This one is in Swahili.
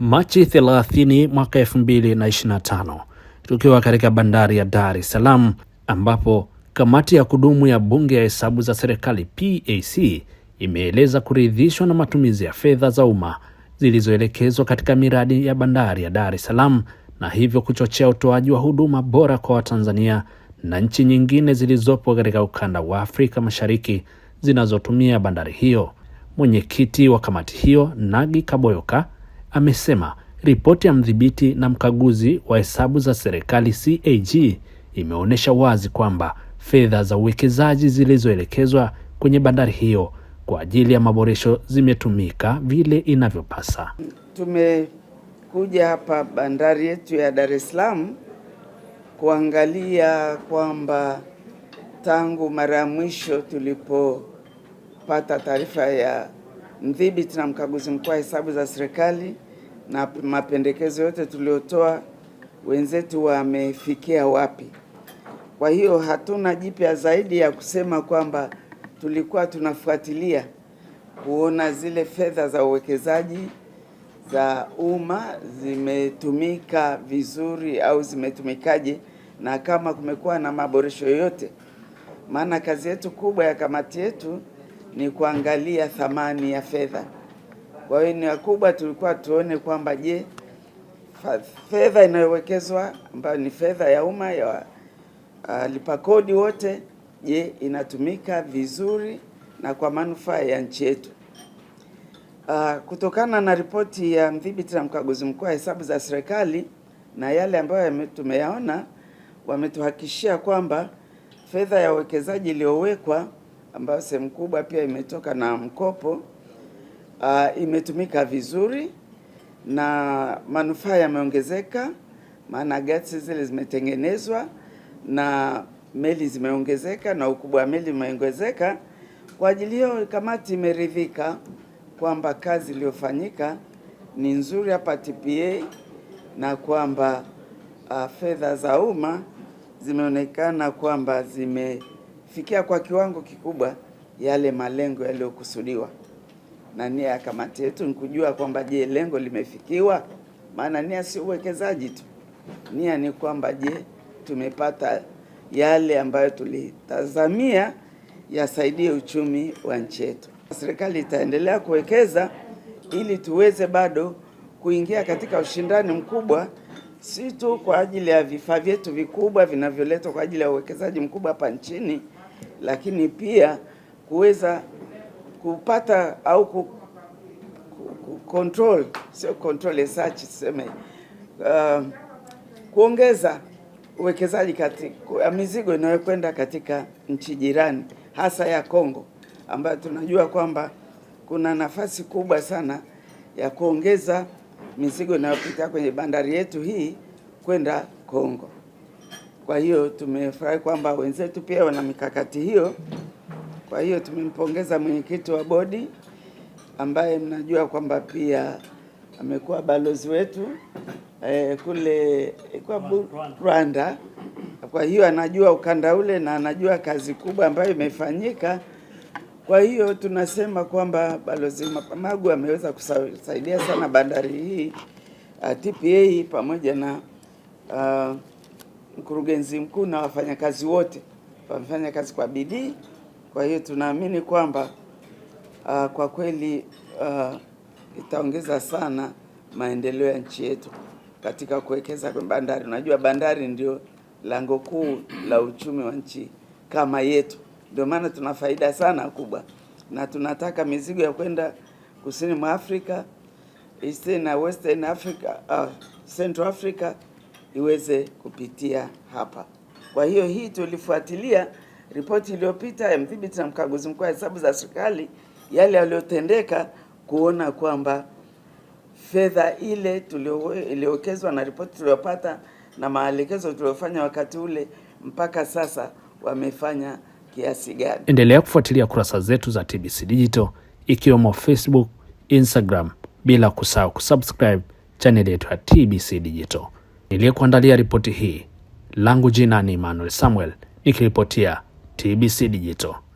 Machi 30 mwaka 2025, tukiwa katika bandari ya Dar es Salaam ambapo kamati ya kudumu ya bunge ya hesabu za serikali PAC imeeleza kuridhishwa na matumizi ya fedha za umma zilizoelekezwa katika miradi ya bandari ya Dar es Salaam na hivyo kuchochea utoaji wa huduma bora kwa Watanzania na nchi nyingine zilizopo katika ukanda wa Afrika Mashariki zinazotumia bandari hiyo. Mwenyekiti wa kamati hiyo Nagi Kaboyoka amesema ripoti ya mdhibiti na mkaguzi wa hesabu za serikali CAG imeonyesha wazi kwamba fedha za uwekezaji zilizoelekezwa kwenye bandari hiyo kwa ajili ya maboresho zimetumika vile inavyopasa. Tumekuja hapa bandari yetu ya Dar es Salaam kuangalia kwamba tangu mara ya mwisho tulipopata taarifa ya mdhibiti na mkaguzi mkuu wa hesabu za serikali na mapendekezo yote tuliotoa wenzetu wamefikia wapi. Kwa hiyo hatuna jipya zaidi ya kusema kwamba tulikuwa tunafuatilia kuona zile fedha za uwekezaji za umma zimetumika vizuri au zimetumikaje, na kama kumekuwa na maboresho yoyote, maana kazi yetu kubwa ya kamati yetu ni kuangalia thamani ya fedha. Kwa hiyo ni wakubwa tulikuwa tuone kwamba je, fedha inayowekezwa ambayo ni fedha ya umma ya walipa ah, kodi wote, je, inatumika vizuri na kwa manufaa ya nchi yetu. Uh, kutokana na ripoti ya mdhibiti na mkaguzi mkuu wa hesabu za serikali na yale ambayo tumeyaona, wametuhakikishia kwamba fedha ya uwekezaji iliyowekwa ambayo sehemu kubwa pia imetoka na mkopo uh, imetumika vizuri na manufaa yameongezeka, maana gati zile zimetengenezwa na meli zimeongezeka na ukubwa wa meli umeongezeka. Kwa ajili hiyo, kamati imeridhika kwamba kazi iliyofanyika ni nzuri hapa TPA na kwamba uh, fedha za umma zimeonekana kwamba zime fikia kwa kiwango kikubwa yale malengo yaliyokusudiwa, na nia ya kamati yetu ni kujua kwamba, je, lengo limefikiwa? Maana nia si uwekezaji tu, nia ni kwamba, je, tumepata yale ambayo tulitazamia yasaidie uchumi wa nchi yetu. Serikali itaendelea kuwekeza ili tuweze bado kuingia katika ushindani mkubwa, si tu kwa ajili ya vifaa vyetu vikubwa vinavyoletwa kwa ajili ya uwekezaji mkubwa hapa nchini lakini pia kuweza kupata au ku control, sio control as such, tuseme uh, kuongeza uwekezaji katika uh, mizigo inayokwenda katika nchi jirani hasa ya Kongo ambayo tunajua kwamba kuna nafasi kubwa sana ya kuongeza mizigo inayopita kwenye bandari yetu hii kwenda Kongo. Kwa hiyo tumefurahi kwamba wenzetu pia wana mikakati hiyo. Kwa hiyo tumempongeza mwenyekiti wa bodi ambaye mnajua kwamba pia amekuwa balozi wetu eh, kule eh, kwa Rwanda. Kwa hiyo anajua ukanda ule na anajua kazi kubwa ambayo imefanyika. Kwa hiyo tunasema kwamba balozi Mapamagu ameweza kusaidia sana bandari hii eh, TPA pamoja na uh, mkurugenzi mkuu na wafanyakazi wote wamefanya kazi kwa bidii. Kwa hiyo tunaamini kwamba uh, kwa kweli uh, itaongeza sana maendeleo ya nchi yetu katika kuwekeza kwenye bandari. Unajua, bandari ndio lango kuu la uchumi wa nchi kama yetu, ndio maana tuna faida sana kubwa, na tunataka mizigo ya kwenda kusini mwa Afrika, Eastern na Western Africa, uh, Central Africa iweze kupitia hapa. Kwa hiyo hii tulifuatilia ripoti iliyopita ya mdhibiti na mkaguzi mkuu wa hesabu za serikali, yale yaliyotendeka, kuona kwamba fedha ile iliyowekezwa na ripoti tuliyopata na maelekezo tuliyofanya wakati ule mpaka sasa wamefanya kiasi gani. Endelea kufuatilia kurasa zetu za TBC Digital ikiwemo Facebook, Instagram bila kusahau kusubscribe chaneli yetu ya TBC Digital. Niliyekuandalia ripoti hii langu jina ni Emmanuel Samuel nikiripotia TBC Digital.